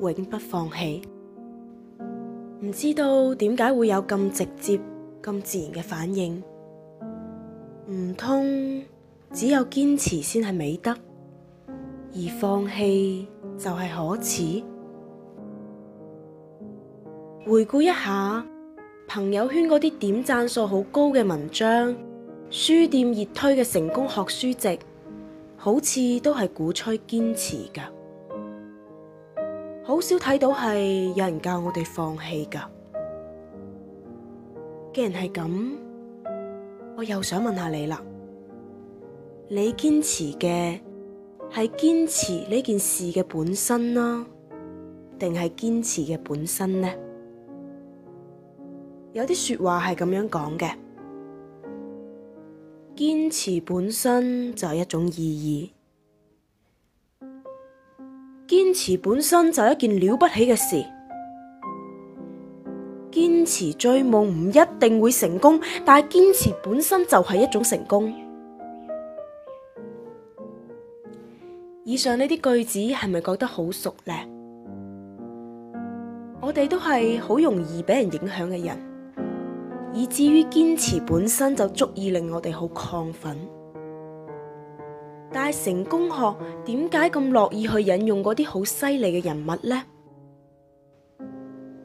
永不放棄，唔知道點解會有咁直接咁自然嘅反應，唔通只有堅持先係美德，而放棄就係可恥？回顧一下朋友圈嗰啲點讚數好高嘅文章，書店熱推嘅成功學書籍，好似都係鼓吹堅持㗎。好少睇到係有人教我哋放棄噶。既然係咁，我又想問下你啦。你堅持嘅係堅持呢件事嘅本身啦，定係堅持嘅本身呢？有啲說話係咁樣講嘅，堅持本身就係一種意義。堅持本身就係一件了不起嘅事，堅持追夢唔一定會成功，但係堅持本身就係一種成功。以上呢啲句子係咪覺得好熟呢？我哋都係好容易俾人影響嘅人，以至於堅持本身就足以令我哋好亢奮。但係成功學點解咁樂意去引用嗰啲好犀利嘅人物呢？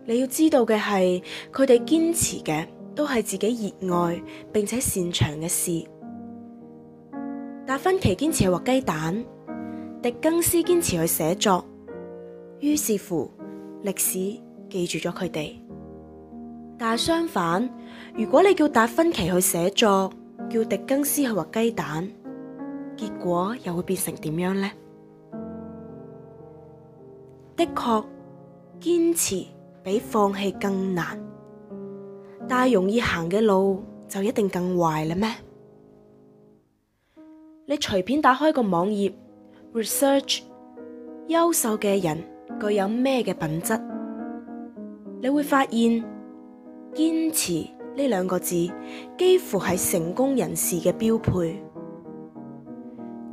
你要知道嘅係，佢哋堅持嘅都係自己熱愛並且擅長嘅事。達芬奇堅持去畫雞蛋，狄更斯堅持去寫作，於是乎歷史記住咗佢哋。但係相反，如果你叫達芬奇去寫作，叫狄更斯去畫雞蛋。結果又會變成點樣呢？的確，堅持比放棄更難，但容易行嘅路就一定更壞啦咩？你隨便打開個網頁，research 優秀嘅人具有咩嘅品質？你會發現，堅持呢兩個字幾乎係成功人士嘅標配。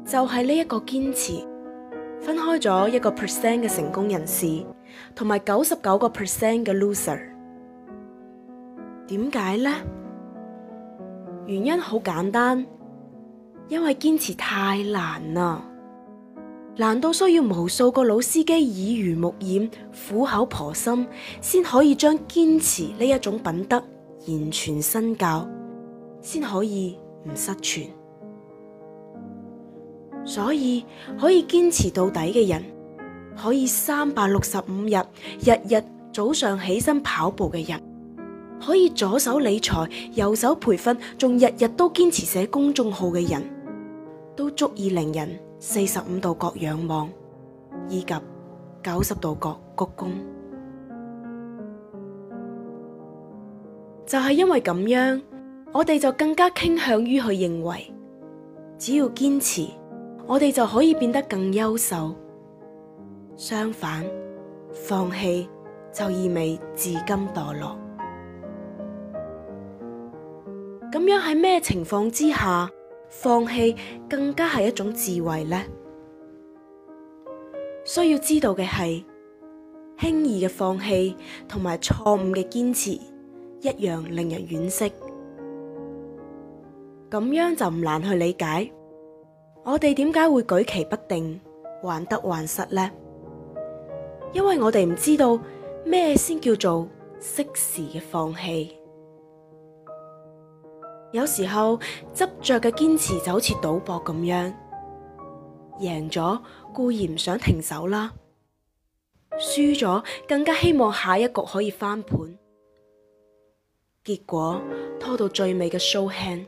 就係呢一個堅持，分開咗一個 percent 嘅成功人士，同埋九十九個 percent 嘅 loser。點解、er、呢？原因好簡單，因為堅持太難啦，難到需要無數個老司機耳濡目染、苦口婆心，先可以將堅持呢一種品德言傳身教，先可以唔失傳。所以可以堅持到底嘅人，可以三百六十五日日日早上起身跑步嘅人，可以左手理財右手培訓，仲日日都堅持寫公眾號嘅人，都足以令人四十五度角仰望，以及九十度角鞠躬。就係因為咁樣，我哋就更加傾向於去認為，只要堅持。我哋就可以變得更優秀。相反，放棄就意味至今墮落。咁樣喺咩情況之下，放棄更加係一種智慧呢？需要知道嘅係，輕易嘅放棄同埋錯誤嘅堅持一樣令人惋惜。咁樣就唔難去理解。我哋點解會舉棋不定、患得患失呢？因為我哋唔知道咩先叫做適時嘅放棄。有時候執着嘅堅持就好似賭博咁樣，贏咗固然唔想停手啦，輸咗更加希望下一局可以翻盤，結果拖到最尾嘅 show hand，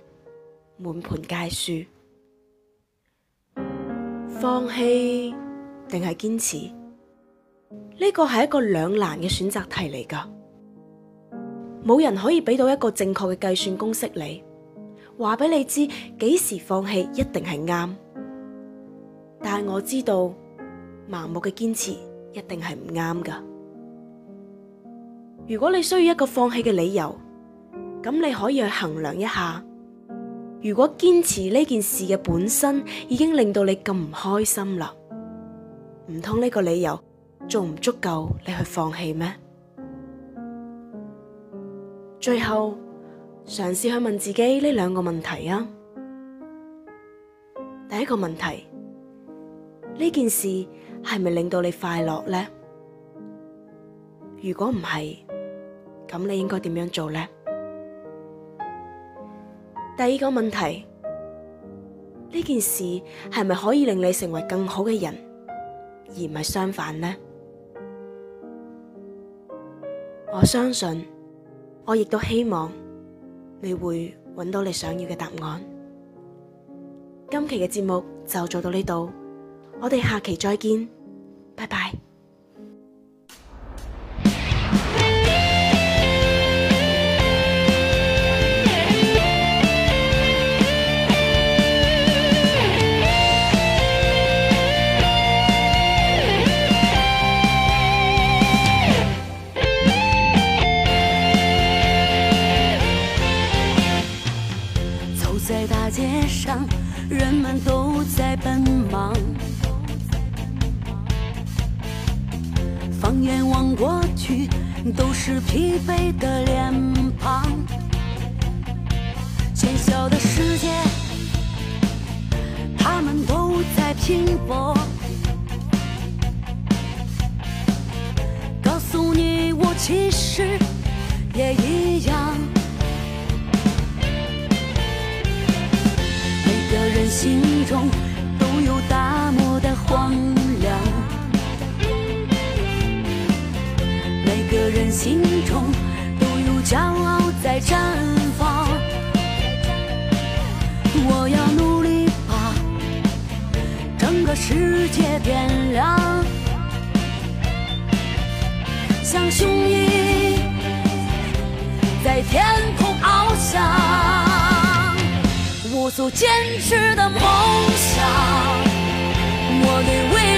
滿盤皆輸。放棄定係堅持？呢個係一個兩難嘅選擇題嚟噶，冇人可以俾到一個正確嘅計算公式你，話俾你知幾時放棄一定係啱。但係我知道，盲目嘅堅持一定係唔啱噶。如果你需要一個放棄嘅理由，咁你可以去衡量一下。如果堅持呢件事嘅本身已經令到你咁唔開心啦，唔通呢個理由仲唔足夠你去放棄咩？最後嘗試去問自己呢兩個問題啊。第一個問題，呢件事係咪令到你快樂呢？如果唔係，咁你應該點樣做呢？第二個問題，呢件事係咪可以令你成為更好嘅人，而唔係相反呢？我相信，我亦都希望你會揾到你想要嘅答案。今期嘅節目就做到呢度，我哋下期再見，拜拜。街上人們都在奔忙。放眼望過去，都是疲憊的臉龐。喧囂的世界，他們都在拼搏。告訴你，我其實也一樣。心中都有大漠的荒涼，每個人心中都有驕傲在綻放。我要努力把整個世界點亮，像雄鷹在天空翱翔。堅持的夢想，我對未。